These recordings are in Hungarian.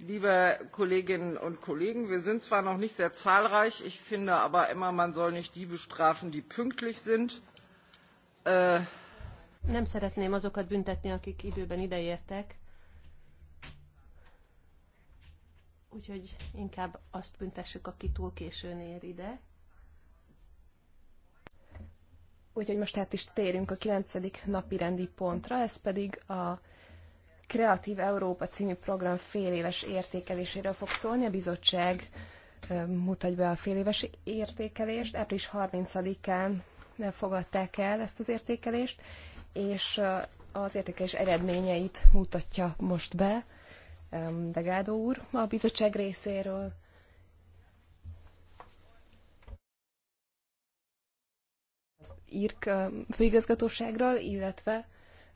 liebe kolleginnen und kollegen wir sind zwar noch nicht sehr zahlreich ich finde aber immer man soll nicht die bestrafen die pünktlich sind. Äh... nem szeretném azokat büntetni akik időben ideértek úgyhogy inkább azt büntessük aki túl későn ér ide. Úgyhogy most hát is térünk a kilencedik napi rendi pontra, ez pedig a Kreatív Európa című program éves értékeléséről fog szólni. A bizottság mutatja be a éves értékelést. Április 30-án fogadták el ezt az értékelést, és az értékelés eredményeit mutatja most be Degádó úr a bizottság részéről. az IRK főigazgatóságról, illetve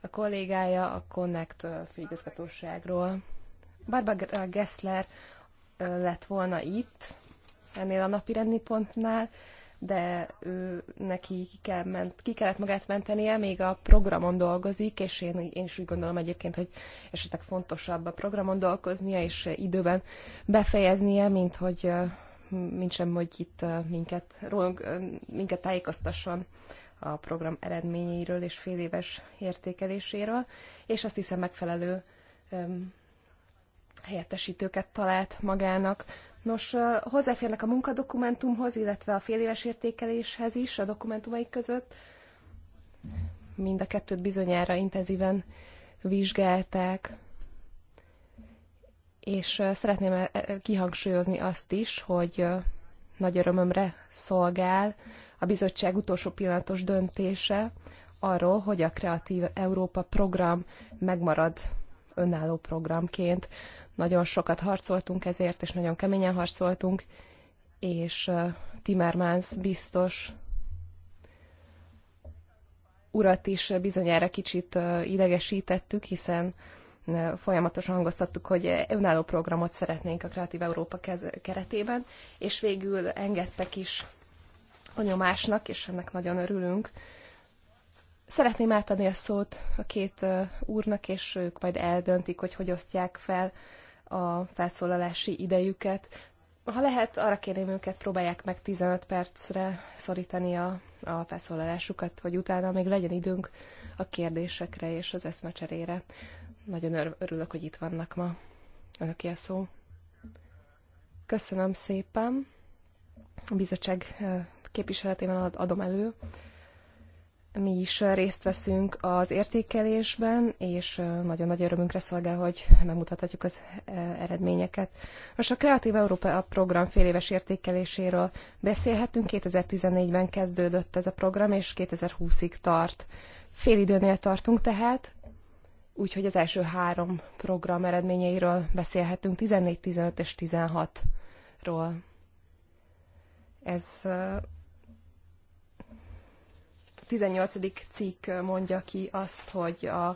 a kollégája a Connect főigazgatóságról. Barbara Gessler lett volna itt, ennél a napirendi pontnál, de ő neki ki, kell ment, ki kellett magát mentenie, még a programon dolgozik, és én, én is úgy gondolom egyébként, hogy esetleg fontosabb a programon dolgoznia, és időben befejeznie, mint hogy mint sem, hogy itt minket, rólunk, minket tájékoztasson a program eredményeiről és fél éves értékeléséről, és azt hiszem megfelelő helyettesítőket talált magának. Nos, hozzáférnek a munkadokumentumhoz, illetve a féléves értékeléshez is a dokumentumai között. Mind a kettőt bizonyára intenzíven vizsgálták, és szeretném kihangsúlyozni azt is, hogy nagy örömömre szolgál a bizottság utolsó pillanatos döntése arról, hogy a Kreatív Európa program megmarad önálló programként. Nagyon sokat harcoltunk ezért, és nagyon keményen harcoltunk, és Timmermans biztos urat is bizonyára kicsit idegesítettük, hiszen folyamatosan hangoztattuk, hogy önálló programot szeretnénk a Kreatív Európa keretében, és végül engedtek is a nyomásnak, és ennek nagyon örülünk. Szeretném átadni a szót a két úrnak, és ők majd eldöntik, hogy hogy osztják fel a felszólalási idejüket. Ha lehet, arra kérném őket, próbálják meg 15 percre szorítani a, a felszólalásukat, hogy utána még legyen időnk a kérdésekre és az eszmecserére. Nagyon örülök, hogy itt vannak ma. Önöki a szó. Köszönöm szépen. A bizottság képviseletében adom elő. Mi is részt veszünk az értékelésben, és nagyon nagy örömünkre szolgál, hogy megmutathatjuk az eredményeket. Most a Kreatív Európa program fél éves értékeléséről beszélhetünk. 2014-ben kezdődött ez a program, és 2020-ig tart. Fél időnél tartunk tehát, úgyhogy az első három program eredményeiről beszélhetünk, 14, 15 és 16-ról. Ez 18. cikk mondja ki azt, hogy a,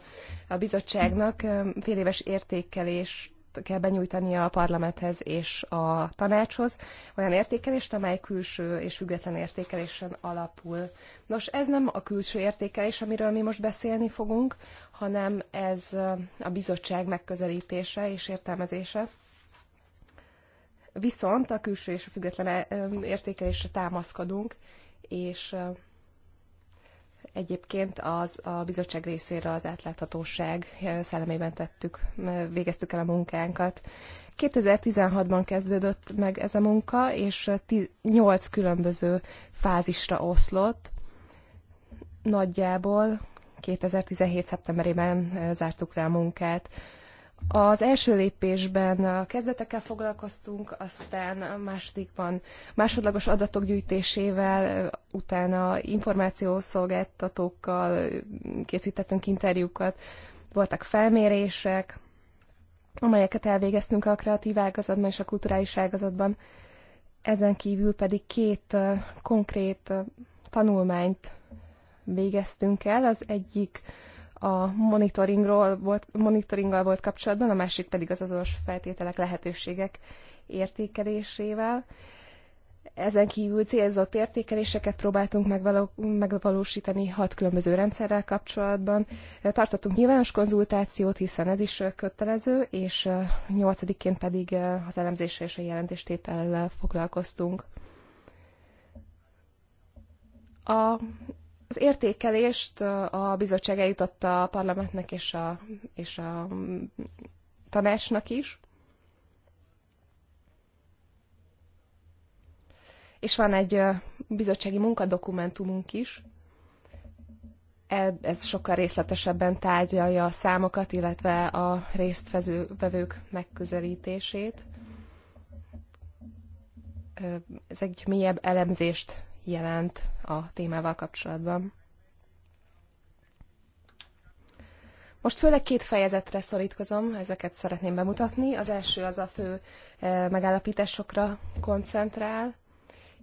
a bizottságnak féléves értékelést kell benyújtani a parlamenthez és a tanácshoz olyan értékelést, amely külső és független értékelésen alapul. Nos, ez nem a külső értékelés, amiről mi most beszélni fogunk, hanem ez a bizottság megközelítése és értelmezése. Viszont a külső és a független értékelésre támaszkodunk, és Egyébként az a bizottság részéről az átláthatóság szellemében tettük, végeztük el a munkánkat. 2016-ban kezdődött meg ez a munka, és 8 különböző fázisra oszlott. Nagyjából 2017. szeptemberében zártuk le a munkát. Az első lépésben a kezdetekkel foglalkoztunk, aztán a másodikban másodlagos adatok gyűjtésével, utána információszolgáltatókkal készítettünk interjúkat, voltak felmérések, amelyeket elvégeztünk a kreatív ágazatban és a kulturális ágazatban. Ezen kívül pedig két konkrét tanulmányt végeztünk el. Az egyik a monitoringról volt, monitoringgal volt kapcsolatban, a másik pedig az azonos feltételek, lehetőségek értékelésével. Ezen kívül célzott értékeléseket próbáltunk megvalósítani hat különböző rendszerrel kapcsolatban. Tartottunk nyilvános konzultációt, hiszen ez is kötelező, és nyolcadiként pedig az elemzésre és a jelentéstétellel foglalkoztunk. A az értékelést a bizottság eljutotta a parlamentnek és a, és a mm, tanácsnak is. És van egy bizottsági munkadokumentumunk is. E, ez sokkal részletesebben tárgyalja a számokat, illetve a résztvevők megközelítését. Ez egy mélyebb elemzést jelent a témával kapcsolatban. Most főleg két fejezetre szorítkozom, ezeket szeretném bemutatni. Az első az a fő eh, megállapításokra koncentrál,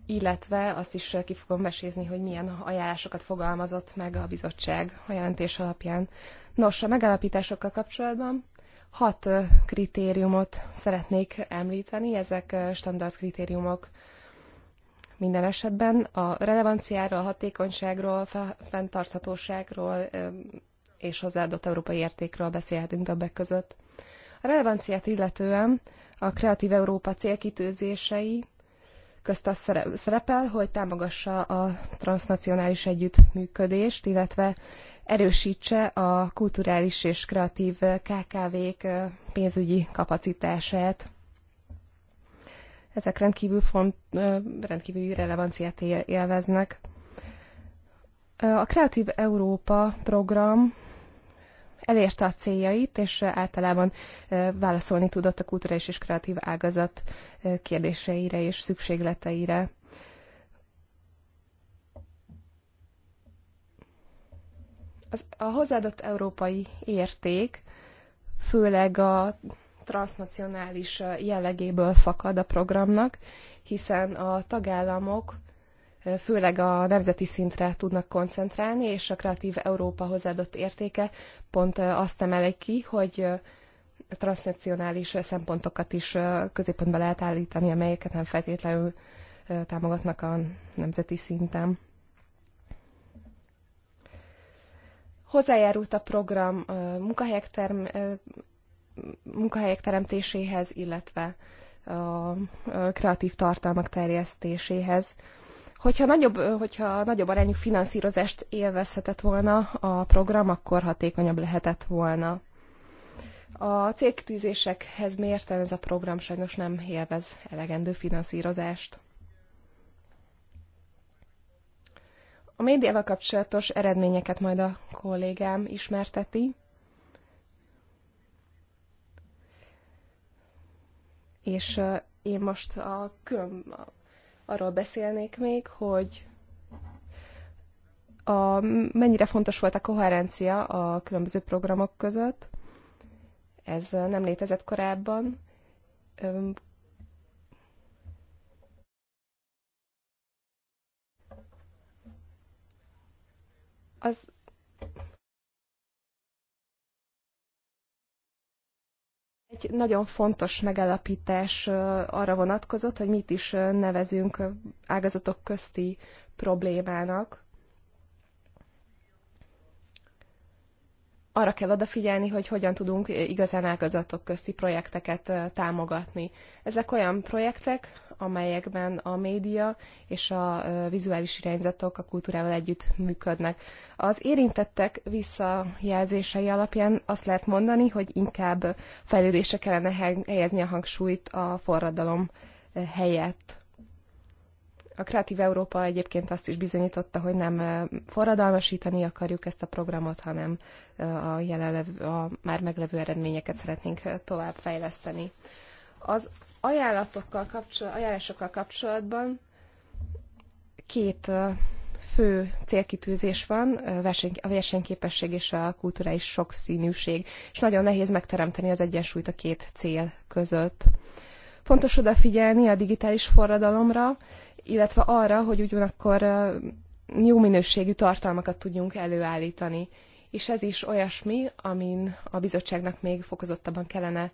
illetve azt is ki fogom mesézni, hogy milyen ajánlásokat fogalmazott meg a bizottság a jelentés alapján. Nos, a megállapításokkal kapcsolatban hat eh, kritériumot szeretnék említeni, ezek eh, standard kritériumok minden esetben a relevanciáról, a hatékonyságról, fenntarthatóságról és hozzáadott európai értékről beszélhetünk többek között. A relevanciát illetően a Kreatív Európa célkitűzései közt az szerepel, hogy támogassa a transnacionális együttműködést, illetve erősítse a kulturális és kreatív KKV-k pénzügyi kapacitását ezek rendkívül, font, rendkívüli relevanciát élveznek. A Kreatív Európa program elérte a céljait, és általában válaszolni tudott a kulturális és kreatív ágazat kérdéseire és szükségleteire. Az, a hozzáadott európai érték, főleg a transnacionális jellegéből fakad a programnak, hiszen a tagállamok főleg a nemzeti szintre tudnak koncentrálni, és a Kreatív Európa hozzáadott értéke pont azt emeli ki, hogy transnacionális szempontokat is középpontba lehet állítani, amelyeket nem feltétlenül támogatnak a nemzeti szinten. Hozzájárult a program munkahelyek munkahelyek teremtéséhez, illetve a kreatív tartalmak terjesztéséhez. Hogyha nagyobb, hogyha nagyobb arányú finanszírozást élvezhetett volna a program, akkor hatékonyabb lehetett volna. A célkitűzésekhez mérten ez a program sajnos nem élvez elegendő finanszírozást. A médiával kapcsolatos eredményeket majd a kollégám ismerteti. És én most a külön, arról beszélnék még, hogy a, mennyire fontos volt a koherencia a különböző programok között. Ez nem létezett korábban. Az nagyon fontos megállapítás arra vonatkozott, hogy mit is nevezünk ágazatok közti problémának. arra kell odafigyelni, hogy hogyan tudunk igazán ágazatok közti projekteket támogatni. Ezek olyan projektek, amelyekben a média és a vizuális irányzatok a kultúrával együtt működnek. Az érintettek visszajelzései alapján azt lehet mondani, hogy inkább fejlődésre kellene helyezni a hangsúlyt a forradalom helyett. A Kreatív Európa egyébként azt is bizonyította, hogy nem forradalmasítani akarjuk ezt a programot, hanem a, jelenlev, a már meglevő eredményeket szeretnénk tovább fejleszteni. Az ajánlatokkal kapcsol, ajánlásokkal kapcsolatban két fő célkitűzés van, a versenyképesség és a kulturális sokszínűség, és nagyon nehéz megteremteni az egyensúlyt a két cél között. Fontos odafigyelni a digitális forradalomra, illetve arra, hogy ugyanakkor jó minőségű tartalmakat tudjunk előállítani. És ez is olyasmi, amin a bizottságnak még fokozottabban kellene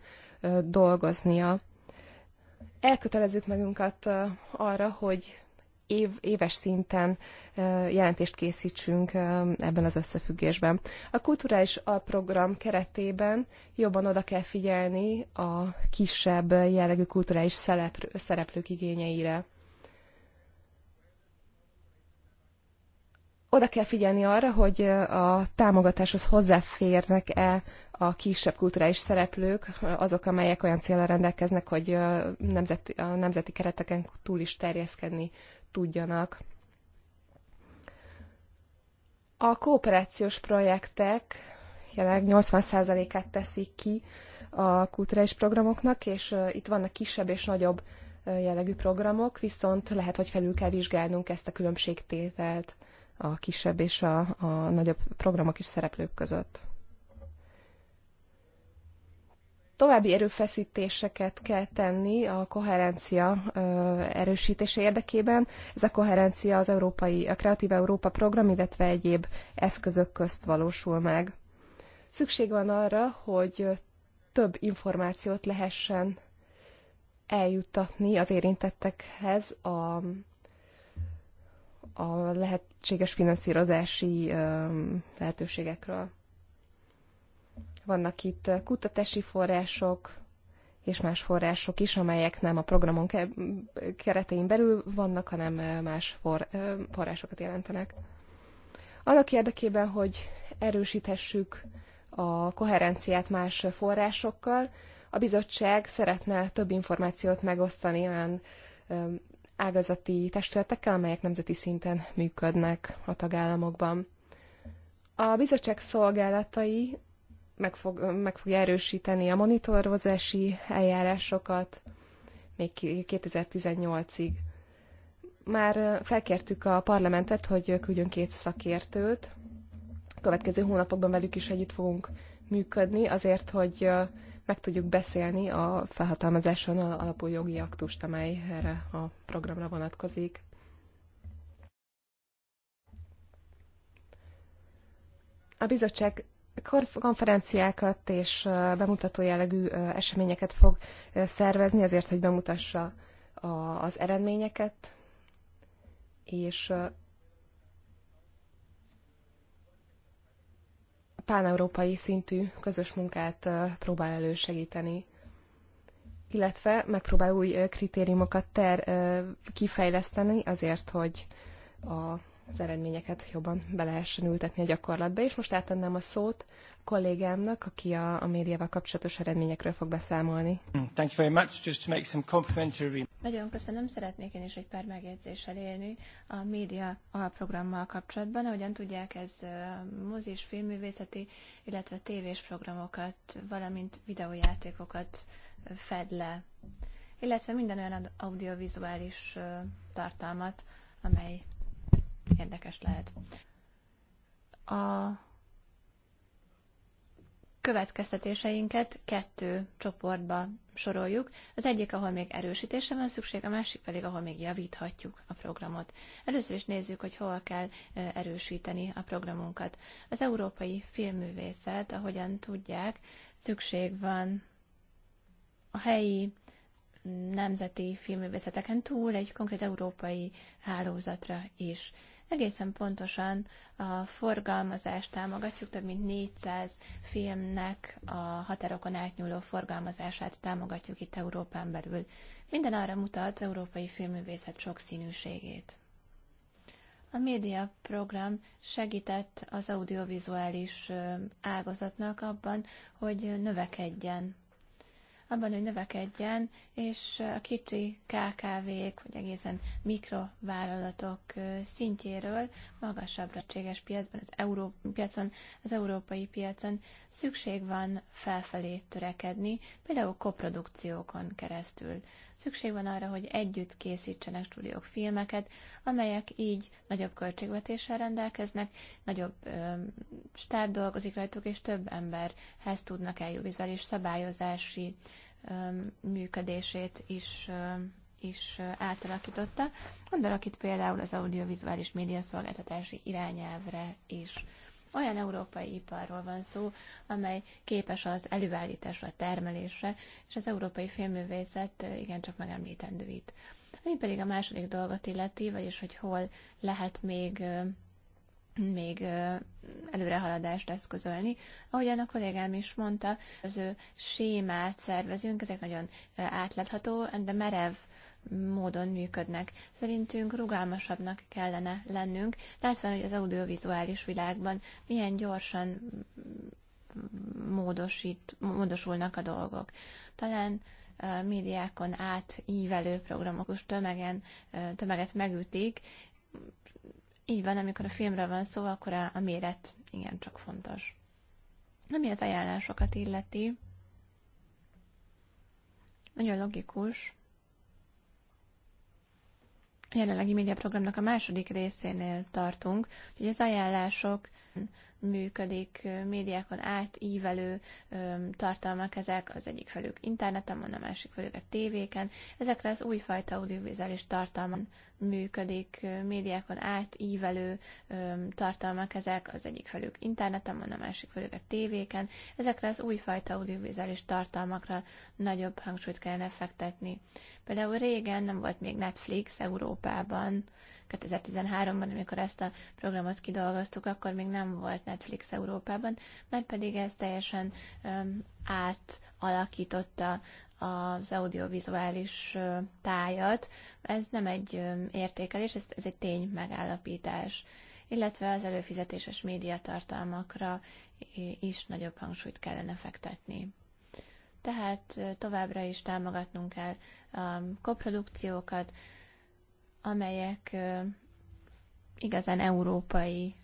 dolgoznia. Elkötelezzük magunkat arra, hogy év, éves szinten jelentést készítsünk ebben az összefüggésben. A kulturális alprogram keretében jobban oda kell figyelni a kisebb jellegű kulturális szereplők igényeire. oda kell figyelni arra, hogy a támogatáshoz hozzáférnek-e a kisebb kulturális szereplők, azok, amelyek olyan célra rendelkeznek, hogy nemzeti, a nemzeti kereteken túl is terjeszkedni tudjanak. A kooperációs projektek jelenleg 80%-át teszik ki a kulturális programoknak, és itt vannak kisebb és nagyobb jellegű programok, viszont lehet, hogy felül kell vizsgálnunk ezt a különbségtételt a kisebb és a, a nagyobb programok is szereplők között. További erőfeszítéseket kell tenni a koherencia erősítése érdekében. Ez a koherencia az Európai, a Kreatív Európa program, illetve egyéb eszközök közt valósul meg. Szükség van arra, hogy több információt lehessen eljuttatni az érintettekhez a a lehetséges finanszírozási lehetőségekről. Vannak itt kutatási források és más források is, amelyek nem a programon ke- keretein belül vannak, hanem más for- forrásokat jelentenek. Annak érdekében, hogy erősíthessük a koherenciát más forrásokkal, a bizottság szeretne több információt megosztani olyan ágazati testületekkel, amelyek nemzeti szinten működnek a tagállamokban. A bizottság szolgálatai meg, fog, meg fogja erősíteni a monitorozási eljárásokat még 2018-ig. Már felkértük a parlamentet, hogy küldjön két szakértőt. A következő hónapokban velük is együtt fogunk működni, azért, hogy meg tudjuk beszélni a felhatalmazáson alapú jogi aktust, amely erre a programra vonatkozik. A bizottság konferenciákat és bemutató jellegű eseményeket fog szervezni azért, hogy bemutassa az eredményeket, és páneurópai szintű közös munkát próbál elősegíteni illetve megpróbál új kritériumokat ter, kifejleszteni azért, hogy a, az eredményeket jobban be lehessen ültetni a gyakorlatba. És most átadnám a szót kollégámnak, aki a, a médiával kapcsolatos eredményekről fog beszámolni. Mm, thank you very much. Just to make some complimentary... Nagyon köszönöm, szeretnék én is egy pár megjegyzéssel élni a média alprogrammal kapcsolatban. Ahogyan tudják, ez mozis, filmművészeti, illetve tévés programokat, valamint videójátékokat fed le, illetve minden olyan audiovizuális tartalmat, amely érdekes lehet. A következtetéseinket kettő csoportba soroljuk. Az egyik, ahol még erősítésre van szükség, a másik pedig, ahol még javíthatjuk a programot. Először is nézzük, hogy hol kell erősíteni a programunkat. Az európai filmművészet, ahogyan tudják, szükség van a helyi nemzeti filmművészeteken túl egy konkrét európai hálózatra is. Egészen pontosan a forgalmazást támogatjuk, több mint 400 filmnek a határokon átnyúló forgalmazását támogatjuk itt Európán belül. Minden arra mutat európai filmművészet sokszínűségét. A média program segített az audiovizuális ágazatnak abban, hogy növekedjen abban, hogy növekedjen, és a kicsi KKV-k, vagy egészen mikrovállalatok szintjéről magasabbra egységes piacban, az Euró- piacon, az európai piacon szükség van felfelé törekedni, például koprodukciókon keresztül. Szükség van arra, hogy együtt készítsenek stúdiók filmeket, amelyek így nagyobb költségvetéssel rendelkeznek, nagyobb stáb dolgozik rajtuk, és több emberhez tudnak eljutni, és szabályozási ö, működését is ö, is átalakította. Gondolok itt például az audiovizuális médiaszolgáltatási irányelvre is. Olyan európai iparról van szó, amely képes az előállításra, a termelésre, és az európai filmművészet igencsak megemlítendő itt. Ami pedig a második dolgot illeti, vagyis hogy hol lehet még még előrehaladást eszközölni. Ahogyan a kollégám is mondta, az ő sémát szervezünk, ezek nagyon átlátható, de merev módon működnek. Szerintünk rugalmasabbnak kellene lennünk, Látva, hogy az audiovizuális világban milyen gyorsan módosít, módosulnak a dolgok. Talán a médiákon átívelő programokus tömegen, tömeget megütik. Így van, amikor a filmről van szó, akkor a, a méret igencsak fontos. Ami az ajánlásokat illeti, nagyon logikus, jelenlegi médiaprogramnak a második részénél tartunk, hogy az ajánlások működik, médiákon átívelő tartalmak ezek, az egyik felük interneten, a másik felük a tévéken, ezekre az újfajta audiovizuális tartalmak működik, médiákon átívelő tartalmak ezek, az egyik felük interneten, a másik felük a tévéken, ezekre az újfajta audiovizuális tartalmakra nagyobb hangsúlyt kellene fektetni. Például régen nem volt még Netflix Európában, 2013-ban, amikor ezt a programot kidolgoztuk, akkor még nem volt Netflix Európában, mert pedig ez teljesen um, átalakította az audiovizuális tájat. Ez nem egy értékelés, ez, ez egy tény megállapítás illetve az előfizetéses médiatartalmakra is nagyobb hangsúlyt kellene fektetni. Tehát továbbra is támogatnunk kell a koprodukciókat, amelyek igazán európai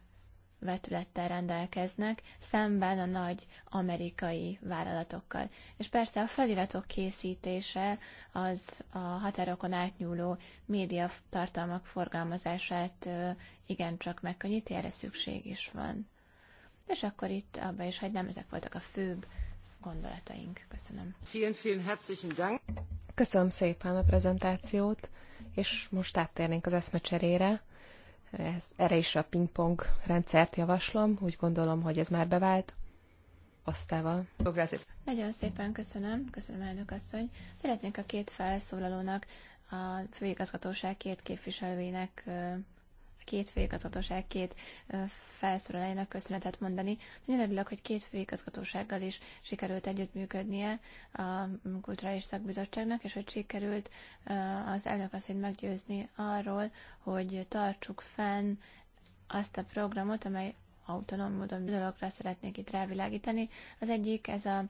vetülettel rendelkeznek, szemben a nagy amerikai vállalatokkal. És persze a feliratok készítése az a határokon átnyúló média tartalmak forgalmazását igencsak megkönnyíti, erre szükség is van. És akkor itt abba is hagynám, ezek voltak a főbb gondolataink. Köszönöm. Vielen, vielen herzlichen Dank. Köszönöm szépen a prezentációt. És most áttérnénk az eszmecserére. Ez, erre is a pingpong rendszert javaslom, úgy gondolom, hogy ez már bevált. Aztával. Nagyon szépen köszönöm, köszönöm elnök asszony. Szeretnék a két felszólalónak, a főigazgatóság két képviselőinek két főigazgatóság, két felszólalájának köszönetet mondani. Nagyon örülök, hogy két főigazgatósággal is sikerült együttműködnie a Kulturális Szakbizottságnak, és hogy sikerült az elnök asszonyt meggyőzni arról, hogy tartsuk fenn azt a programot, amely autonóm módon dologra szeretnék itt rávilágítani. Az egyik ez a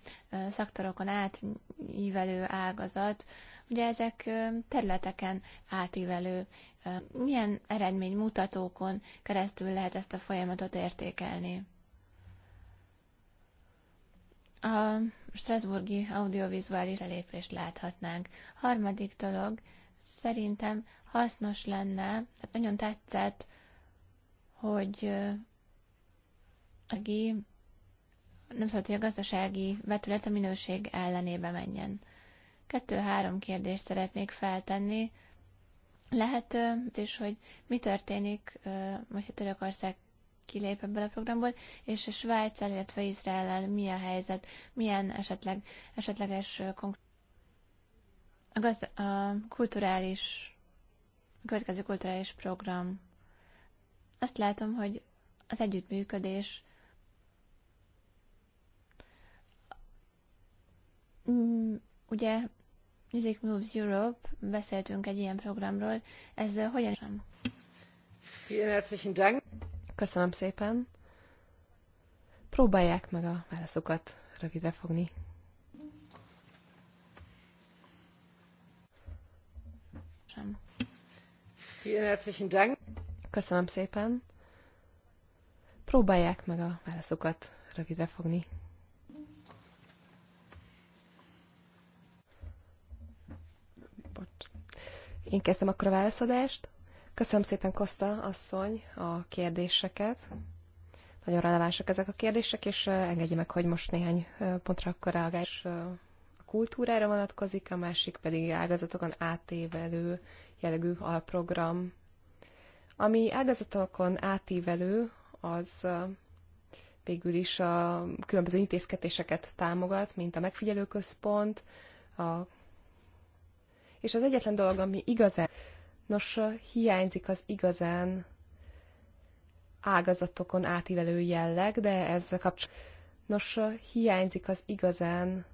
szaktorokon átívelő ágazat, Ugye ezek területeken átívelő, milyen eredménymutatókon keresztül lehet ezt a folyamatot értékelni? A Strasburgi audiovizuális elépést láthatnánk. Harmadik dolog, szerintem hasznos lenne, hát nagyon tetszett, hogy aki nem szólt, hogy a gazdasági vetület a minőség ellenébe menjen. Kettő-három kérdést szeretnék feltenni. Lehet, és hogy mi történik, hogyha Törökország kilép ebből a programból, és a Svájc, illetve Izrael mi a helyzet, milyen esetleg, esetleges a, gaz, a kulturális, a következő kulturális program. Azt látom, hogy az együttműködés Ugye Music Moves Europe, beszéltünk egy ilyen programról, ez hogyan sem? Vielen herzlichen Dank. Köszönöm szépen. Próbálják meg a válaszokat rövidre fogni. Sem. Vielen herzlichen Dank. Köszönöm szépen. Próbálják meg a válaszokat rövidre fogni. Én kezdtem akkor a válaszadást. Köszönöm szépen, Kosta asszony, a kérdéseket. Nagyon relevánsak ezek a kérdések, és engedje meg, hogy most néhány pontra akkor reagálás a kultúrára vonatkozik, a másik pedig ágazatokon átévelő jellegű alprogram. Ami ágazatokon átívelő, az végül is a különböző intézkedéseket támogat, mint a megfigyelőközpont, a és az egyetlen dolog, ami igazán, nos, hiányzik az igazán ágazatokon átívelő jelleg, de ezzel kapcsolatban, nos, hiányzik az igazán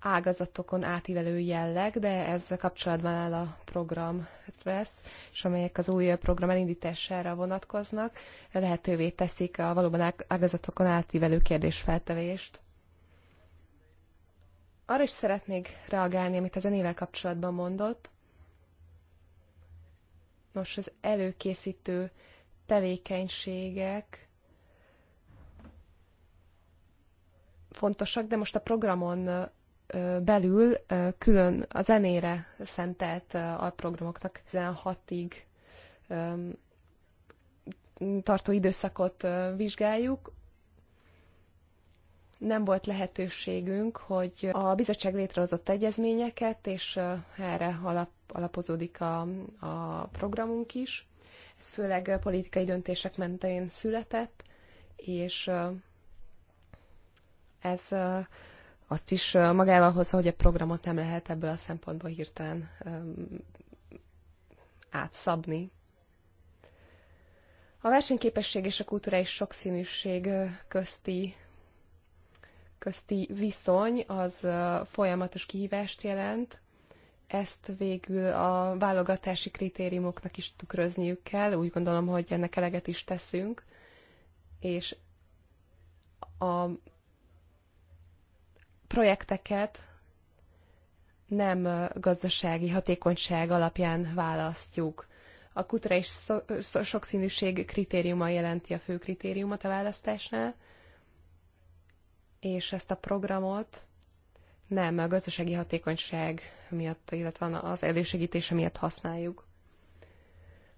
ágazatokon átívelő jelleg, de ezzel kapcsolatban áll a program lesz, és amelyek az új program elindítására vonatkoznak, lehetővé teszik a valóban ágazatokon átívelő kérdésfeltevést. Arra is szeretnék reagálni, amit a zenével kapcsolatban mondott. Nos, az előkészítő tevékenységek fontosak, de most a programon belül külön a zenére szentelt alprogramoknak 16-ig tartó időszakot vizsgáljuk, nem volt lehetőségünk, hogy a bizottság létrehozott egyezményeket, és erre alap, alapozódik a, a programunk is. Ez főleg politikai döntések mentén született, és ez azt is magával hozza, hogy a programot nem lehet ebből a szempontból hirtelen átszabni. A versenyképesség és a kulturális sokszínűség közti közti viszony az folyamatos kihívást jelent, ezt végül a válogatási kritériumoknak is tükrözniük kell, úgy gondolom, hogy ennek eleget is teszünk, és a projekteket nem gazdasági hatékonyság alapján választjuk. A kutra és sokszínűség kritériuma jelenti a fő kritériumot a választásnál, és ezt a programot nem, a gazdasági hatékonyság miatt, illetve az elősegítése miatt használjuk.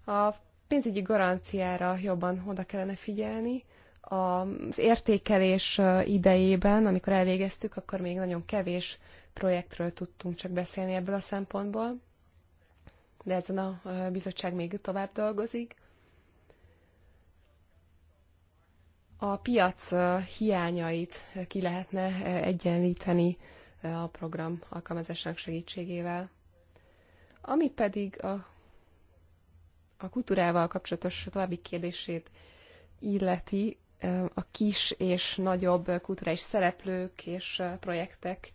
A pénzügyi garanciára jobban oda kellene figyelni. Az értékelés idejében, amikor elvégeztük, akkor még nagyon kevés projektről tudtunk csak beszélni ebből a szempontból, de ezen a bizottság még tovább dolgozik. a piac hiányait ki lehetne egyenlíteni a program alkalmazásának segítségével. Ami pedig a, a kultúrával kapcsolatos további kérdését illeti, a kis és nagyobb kulturális szereplők és projektek,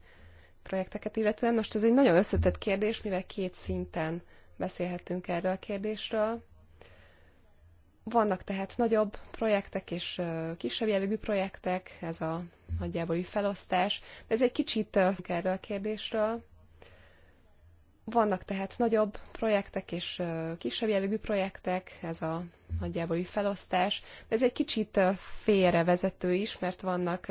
projekteket illetően. Most ez egy nagyon összetett kérdés, mivel két szinten beszélhetünk erről a kérdésről. Vannak tehát nagyobb projektek és kisebb jellegű projektek, ez a nagyjából felosztás. De ez egy kicsit erről a kérdésről. Vannak tehát nagyobb projektek és kisebb jellegű projektek, ez a nagyjából felosztás. De ez egy kicsit félrevezető is, mert vannak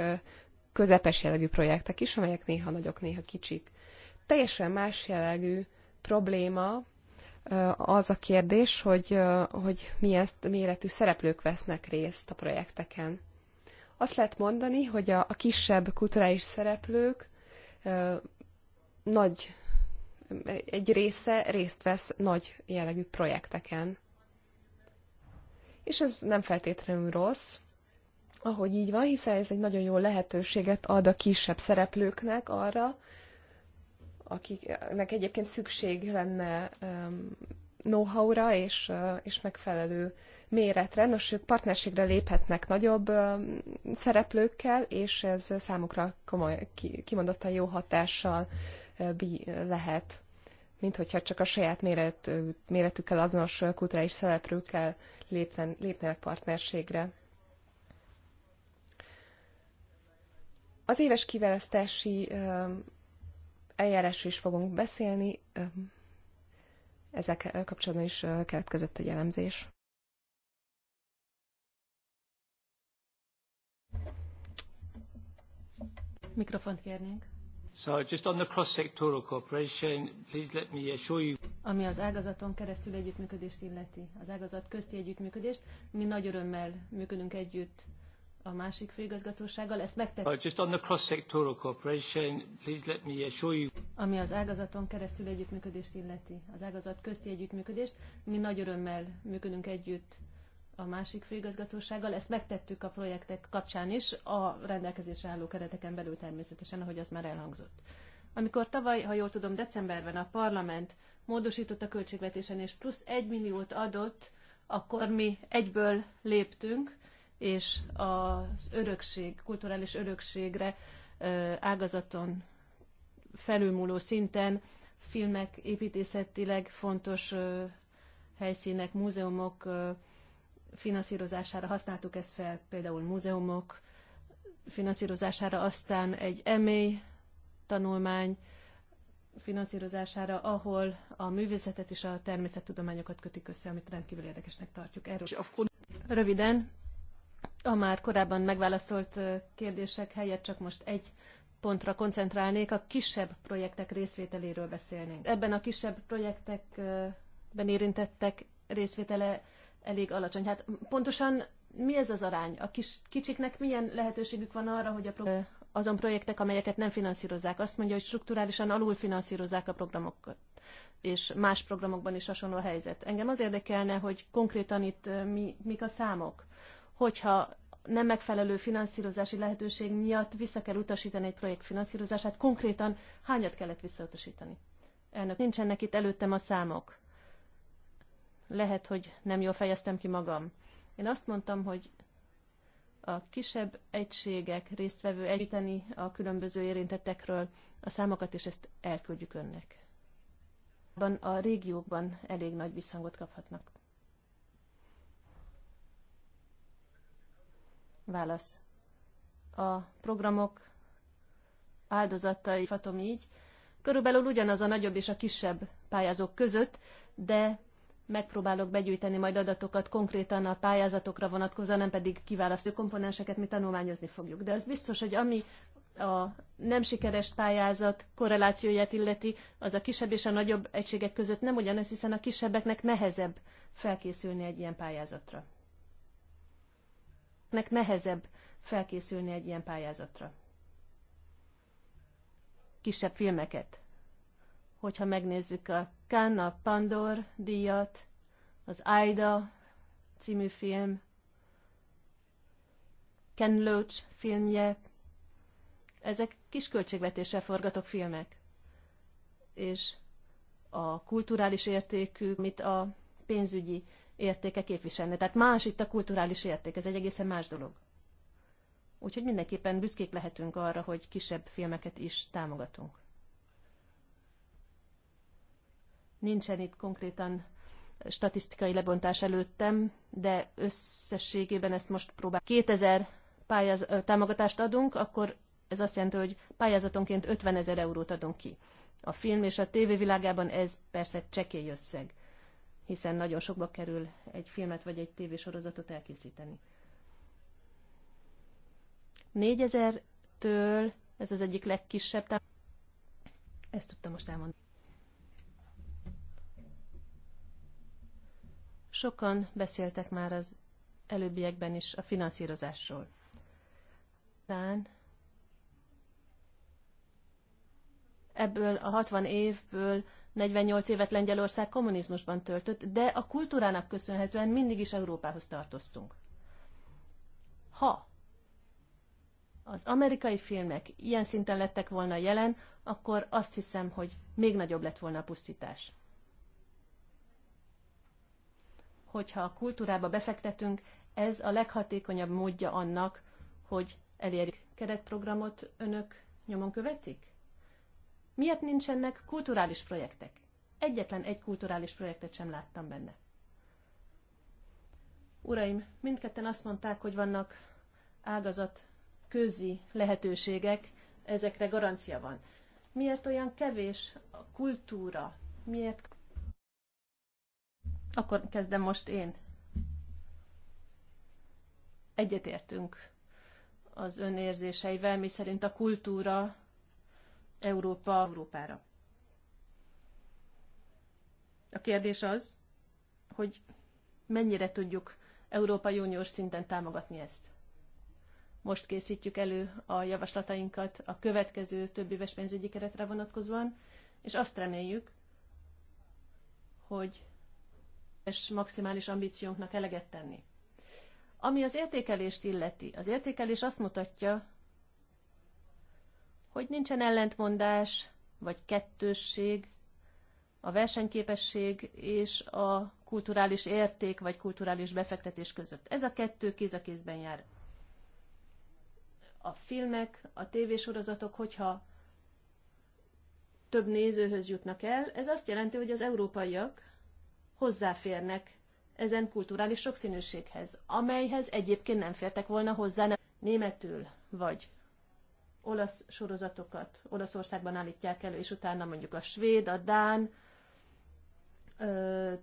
közepes jellegű projektek is, amelyek néha nagyok, néha kicsik. Teljesen más jellegű probléma az a kérdés, hogy, hogy milyen méretű szereplők vesznek részt a projekteken. Azt lehet mondani, hogy a, a kisebb kulturális szereplők nagy, egy része részt vesz nagy jellegű projekteken. És ez nem feltétlenül rossz, ahogy így van, hiszen ez egy nagyon jó lehetőséget ad a kisebb szereplőknek arra, akiknek egyébként szükség lenne um, know-how-ra és, uh, és megfelelő méretre. Nos, ők partnerségre léphetnek nagyobb um, szereplőkkel, és ez számukra komoly, kimondottan jó hatással uh, lehet, mint hogyha csak a saját méret, uh, méretükkel azonos kulturális szereplőkkel lépnen, lépnek partnerségre. Az éves kiválasztási um, eljárásról is fogunk beszélni. Ezzel kapcsolatban is keletkezett egy elemzés. Mikrofont kérnénk. So just on the cross-sectoral cooperation, please let me assure you. Ami az ágazaton keresztül együttműködést illeti, az ágazat közti együttműködést, mi nagy örömmel működünk együtt a másik főigazgatósággal, ezt megtettük. Uh, just cross Ami az ágazaton keresztül együttműködést illeti, az ágazat közti együttműködést, mi nagy örömmel működünk együtt a másik főigazgatósággal. Ezt megtettük a projektek kapcsán is, a rendelkezésre álló kereteken belül természetesen, ahogy az már elhangzott. Amikor tavaly, ha jól tudom, decemberben a parlament módosított a költségvetésen és plusz 1 milliót adott, akkor mi egyből léptünk, és az örökség, kulturális örökségre ágazaton felülmúló szinten filmek építészetileg fontos helyszínek, múzeumok finanszírozására használtuk ezt fel, például múzeumok finanszírozására, aztán egy emély tanulmány finanszírozására, ahol a művészetet és a természettudományokat kötik össze, amit rendkívül érdekesnek tartjuk. Erről röviden a már korábban megválaszolt kérdések helyett csak most egy pontra koncentrálnék, a kisebb projektek részvételéről beszélnénk. Ebben a kisebb projektekben érintettek részvétele elég alacsony. Hát pontosan mi ez az arány? A kis, kicsiknek milyen lehetőségük van arra, hogy a pro- azon projektek, amelyeket nem finanszírozzák, azt mondja, hogy strukturálisan alul finanszírozzák a programokat, és más programokban is hasonló a helyzet. Engem az érdekelne, hogy konkrétan itt mi, mik a számok hogyha nem megfelelő finanszírozási lehetőség miatt vissza kell utasítani egy projekt finanszírozását, konkrétan hányat kellett visszautasítani? Elnök, nincsenek itt előttem a számok. Lehet, hogy nem jól fejeztem ki magam. Én azt mondtam, hogy a kisebb egységek résztvevő egyíteni a különböző érintettekről a számokat, és ezt elküldjük önnek. A régiókban elég nagy visszhangot kaphatnak. Válasz. A programok áldozatai, fatom így, körülbelül ugyanaz a nagyobb és a kisebb pályázók között, de megpróbálok begyűjteni majd adatokat konkrétan a pályázatokra vonatkozóan, nem pedig kiválasztó komponenseket mi tanulmányozni fogjuk. De az biztos, hogy ami a nem sikeres pályázat korrelációját illeti, az a kisebb és a nagyobb egységek között nem ugyanaz, hiszen a kisebbeknek nehezebb felkészülni egy ilyen pályázatra akiknek nehezebb felkészülni egy ilyen pályázatra. Kisebb filmeket. Hogyha megnézzük a Cannes, a Pandor díjat, az Aida című film, Ken Loach filmje, ezek kis költségvetéssel forgatok filmek. És a kulturális értékük, mint a pénzügyi értéke képviselne. Tehát más itt a kulturális érték, ez egy egészen más dolog. Úgyhogy mindenképpen büszkék lehetünk arra, hogy kisebb filmeket is támogatunk. Nincsen itt konkrétan statisztikai lebontás előttem, de összességében ezt most próbáljuk. 2000 pályáz- támogatást adunk, akkor ez azt jelenti, hogy pályázatonként 50 ezer eurót adunk ki. A film és a tévé világában ez persze csekély összeg hiszen nagyon sokba kerül egy filmet vagy egy tévésorozatot elkészíteni. 4000-től ez az egyik legkisebb tám- Ezt tudtam most elmondani. Sokan beszéltek már az előbbiekben is a finanszírozásról. Tán ebből a 60 évből 48 évet Lengyelország kommunizmusban töltött, de a kultúrának köszönhetően mindig is Európához tartoztunk. Ha az amerikai filmek ilyen szinten lettek volna jelen, akkor azt hiszem, hogy még nagyobb lett volna a pusztítás. Hogyha a kultúrába befektetünk, ez a leghatékonyabb módja annak, hogy elérjük keretprogramot, önök nyomon követik? Miért nincsenek kulturális projektek? Egyetlen egy kulturális projektet sem láttam benne. Uraim, mindketten azt mondták, hogy vannak ágazat közi lehetőségek, ezekre garancia van. Miért olyan kevés a kultúra? Miért? Akkor kezdem most én. Egyetértünk az önérzéseivel, mi szerint a kultúra Európa Európára. A kérdés az, hogy mennyire tudjuk Európai Uniós szinten támogatni ezt. Most készítjük elő a javaslatainkat a következő többi éves pénzügyi keretre vonatkozóan, és azt reméljük, hogy és maximális ambíciónknak eleget tenni. Ami az értékelést illeti, az értékelés azt mutatja, hogy nincsen ellentmondás vagy kettősség a versenyképesség és a kulturális érték vagy kulturális befektetés között. Ez a kettő kéz a kézben jár. A filmek, a tévésorozatok, hogyha több nézőhöz jutnak el, ez azt jelenti, hogy az európaiak hozzáférnek ezen kulturális sokszínűséghez, amelyhez egyébként nem fértek volna hozzá nem németül, vagy olasz sorozatokat Olaszországban állítják elő, és utána mondjuk a svéd, a dán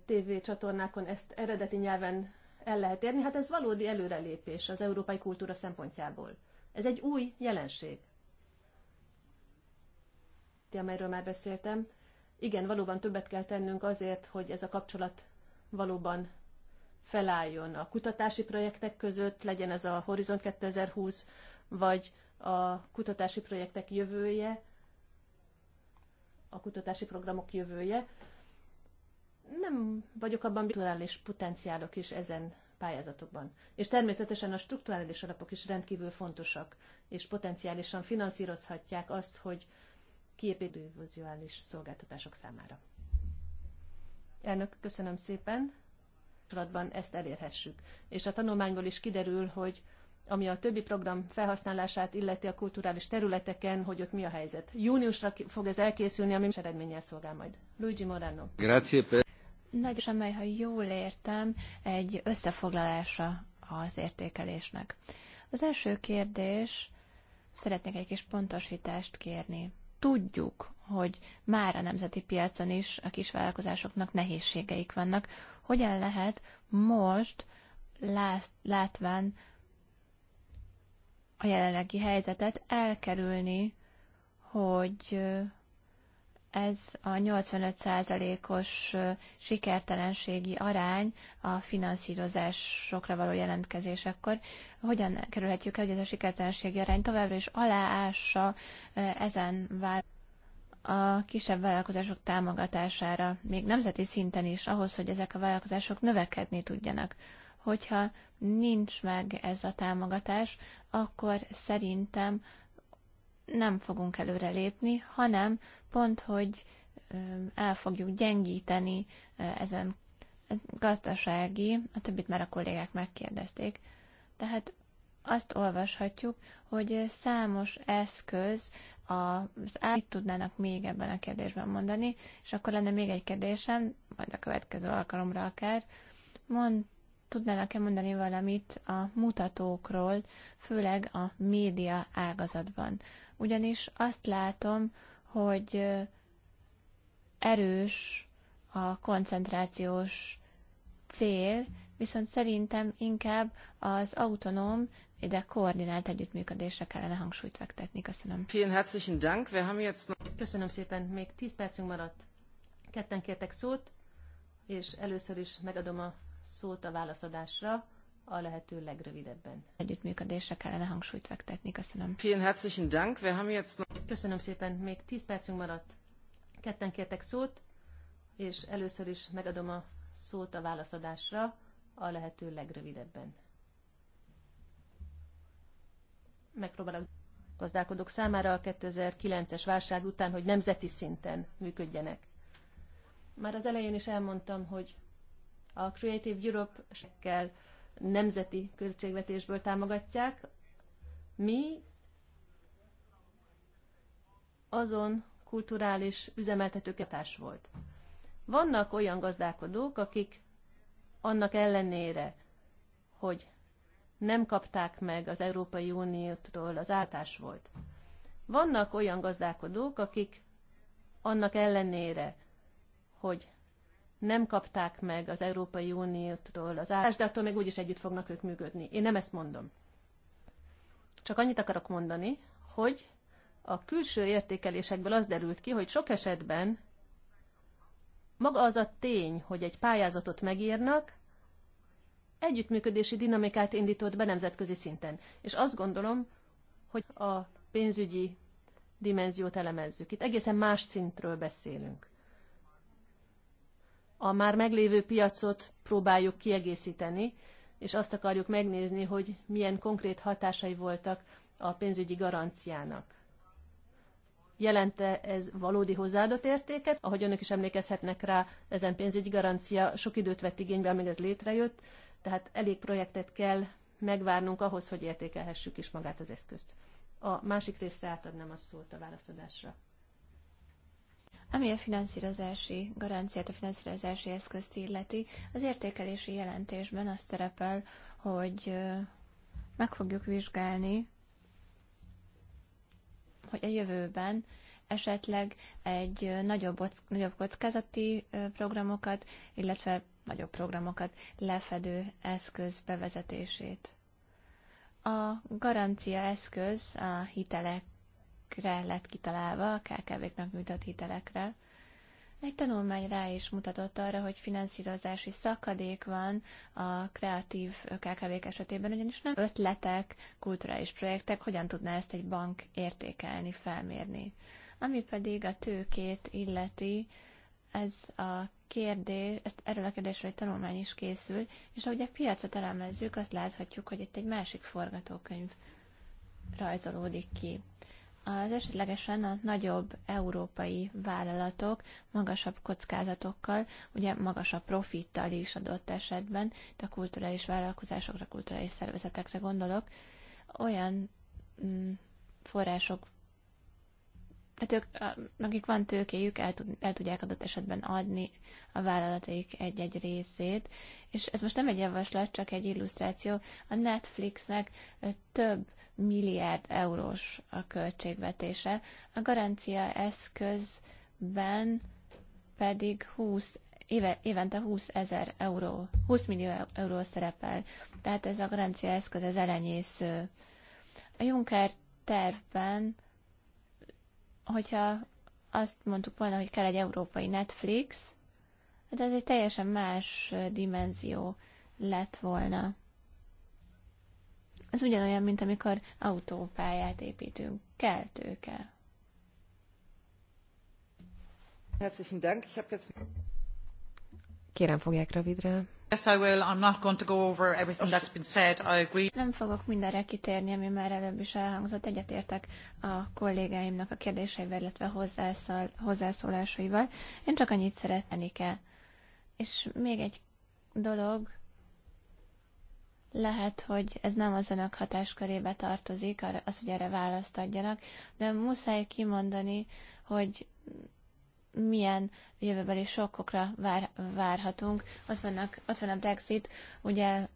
TV csatornákon ezt eredeti nyelven el lehet érni. Hát ez valódi előrelépés az európai kultúra szempontjából. Ez egy új jelenség. Amelyről már beszéltem. Igen, valóban többet kell tennünk azért, hogy ez a kapcsolat valóban felálljon a kutatási projektek között, legyen ez a Horizont 2020, vagy a kutatási projektek jövője, a kutatási programok jövője. Nem vagyok abban biztos, potenciálok is ezen pályázatokban. És természetesen a strukturális alapok is rendkívül fontosak, és potenciálisan finanszírozhatják azt, hogy kiépítő vizuális szolgáltatások számára. Elnök, köszönöm szépen! kapcsolatban ezt elérhessük. És a tanulmányból is kiderül, hogy ami a többi program felhasználását illeti a kulturális területeken, hogy ott mi a helyzet. Júniusra fog ez elkészülni, ami eredménnyel szolgál majd. Luigi Morano. Grazie per... Nagy remély, ha jól értem, egy összefoglalása az értékelésnek. Az első kérdés, szeretnék egy kis pontosítást kérni. Tudjuk, hogy már a nemzeti piacon is a kisvállalkozásoknak nehézségeik vannak. Hogyan lehet most lát, látván a jelenlegi helyzetet elkerülni, hogy ez a 85%-os sikertelenségi arány a finanszírozásokra való jelentkezésekkor. Hogyan kerülhetjük el, hogy ez a sikertelenségi arány továbbra is aláássa ezen vár a kisebb vállalkozások támogatására, még nemzeti szinten is, ahhoz, hogy ezek a vállalkozások növekedni tudjanak hogyha nincs meg ez a támogatás, akkor szerintem nem fogunk előrelépni, hanem pont, hogy el fogjuk gyengíteni ezen gazdasági, a többit már a kollégák megkérdezték. Tehát azt olvashatjuk, hogy számos eszköz az állít tudnának még ebben a kérdésben mondani, és akkor lenne még egy kérdésem, majd a következő alkalomra akár. Mond, tudnának kell mondani valamit a mutatókról, főleg a média ágazatban? Ugyanis azt látom, hogy erős a koncentrációs cél, viszont szerintem inkább az autonóm, ide koordinált együttműködésre kellene hangsúlyt fektetni. Köszönöm. herzlichen Dank. Wir haben jetzt Köszönöm szépen. Még 10 percünk maradt. Ketten kértek szót, és először is megadom a szót a válaszadásra a lehető legrövidebben. Együttműködésre kellene hangsúlyt fektetni. Köszönöm. Vielen herzlichen Dank. Wir haben jetzt Köszönöm szépen. Még 10 percünk maradt. Ketten kértek szót, és először is megadom a szót a válaszadásra a lehető legrövidebben. Megpróbálok gazdálkodók számára a 2009-es válság után, hogy nemzeti szinten működjenek. Már az elején is elmondtam, hogy a Creative Europe-sekkel nemzeti költségvetésből támogatják. Mi azon kulturális üzemeltetőketás volt. Vannak olyan gazdálkodók, akik annak ellenére, hogy nem kapták meg az Európai Uniótól az áltás volt. Vannak olyan gazdálkodók, akik annak ellenére, hogy nem kapták meg az Európai Uniótól az állást, de attól még úgyis együtt fognak ők működni. Én nem ezt mondom. Csak annyit akarok mondani, hogy a külső értékelésekből az derült ki, hogy sok esetben maga az a tény, hogy egy pályázatot megírnak, együttműködési dinamikát indított be nemzetközi szinten. És azt gondolom, hogy a pénzügyi dimenziót elemezzük. Itt egészen más szintről beszélünk a már meglévő piacot próbáljuk kiegészíteni, és azt akarjuk megnézni, hogy milyen konkrét hatásai voltak a pénzügyi garanciának. Jelente ez valódi hozzáadott értéket? Ahogy önök is emlékezhetnek rá, ezen pénzügyi garancia sok időt vett igénybe, amíg ez létrejött, tehát elég projektet kell megvárnunk ahhoz, hogy értékelhessük is magát az eszközt. A másik részre átadnám a szót a válaszadásra. Ami a finanszírozási garanciát, a finanszírozási eszközt illeti, az értékelési jelentésben az szerepel, hogy meg fogjuk vizsgálni, hogy a jövőben esetleg egy nagyobb, nagyobb kockázati programokat, illetve nagyobb programokat lefedő eszköz bevezetését. A garancia eszköz a hitelek hitelekre lett kitalálva, a KKV-knak nyújtott hitelekre. Egy tanulmány rá is mutatott arra, hogy finanszírozási szakadék van a kreatív kkv esetében, ugyanis nem ötletek, kulturális projektek, hogyan tudná ezt egy bank értékelni, felmérni. Ami pedig a tőkét illeti, ez a kérdés, ezt erről a kérdésről egy tanulmány is készül, és ahogy a piacot elemezzük, azt láthatjuk, hogy itt egy másik forgatókönyv rajzolódik ki az esetlegesen a nagyobb európai vállalatok magasabb kockázatokkal, ugye magasabb profittal is adott esetben, de a kulturális vállalkozásokra, kulturális szervezetekre gondolok, olyan mm, források tehát ők, akik van tőkéjük, el, tud, el tudják adott esetben adni a vállalataik egy-egy részét. És ez most nem egy javaslat, csak egy illusztráció. A Netflixnek több milliárd eurós a költségvetése, a garancia eszközben pedig 20 éve, évente 20 ezer euró, 20 millió euró szerepel. Tehát ez a garancia eszköz, ez elenyésző. A Juncker tervben hogyha azt mondtuk volna, hogy kell egy európai Netflix, hát ez egy teljesen más dimenzió lett volna. Ez ugyanolyan, mint amikor autópályát építünk. Kell tőke. Kérem, fogják rövidre. Yes, I will. I'm not going to go over everything that's been said. I agree. Nem fogok mindenre kitérni, ami már előbb is elhangzott. Egyetértek a kollégáimnak a kérdéseivel, illetve hozzászól, hozzászólásaival. Én csak annyit szeretnék el. És még egy dolog, lehet, hogy ez nem az önök hatáskörébe tartozik, az, hogy erre választ adjanak, de muszáj kimondani, hogy milyen jövőbeli sokkokra vár, várhatunk. Ott, vannak, ott van a Brexit, ugye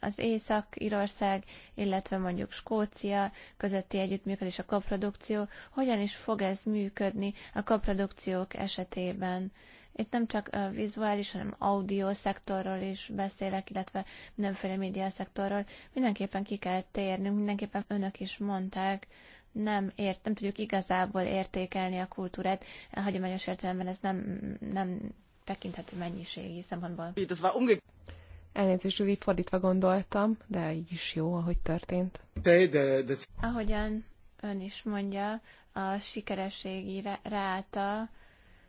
az Észak-Írország, illetve mondjuk Skócia közötti együttműködés, a koprodukció. Hogyan is fog ez működni a koprodukciók esetében? Itt nem csak a vizuális, hanem audio szektorról is beszélek, illetve mindenféle média szektorról. Mindenképpen ki kell térnünk, mindenképpen önök is mondták, nem, ért, nem tudjuk igazából értékelni a kultúrát. A hagyományos értelemben ez nem, nem tekinthető mennyiségi szempontból. Elnézést, úgy fordítva gondoltam, de így is jó, ahogy történt. De, de, de... Ahogyan ön is mondja, a sikerességi ráta,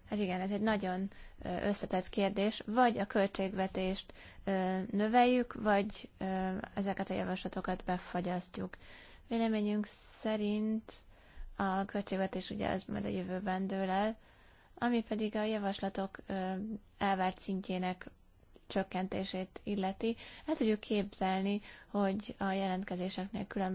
hát igen, ez egy nagyon összetett kérdés, vagy a költségvetést növeljük, vagy ezeket a javaslatokat befagyasztjuk. Véleményünk szerint a költségvetés ugye az majd a jövőben dől el, ami pedig a javaslatok elvárt szintjének csökkentését illeti. El tudjuk képzelni, hogy a jelentkezéseknél különböző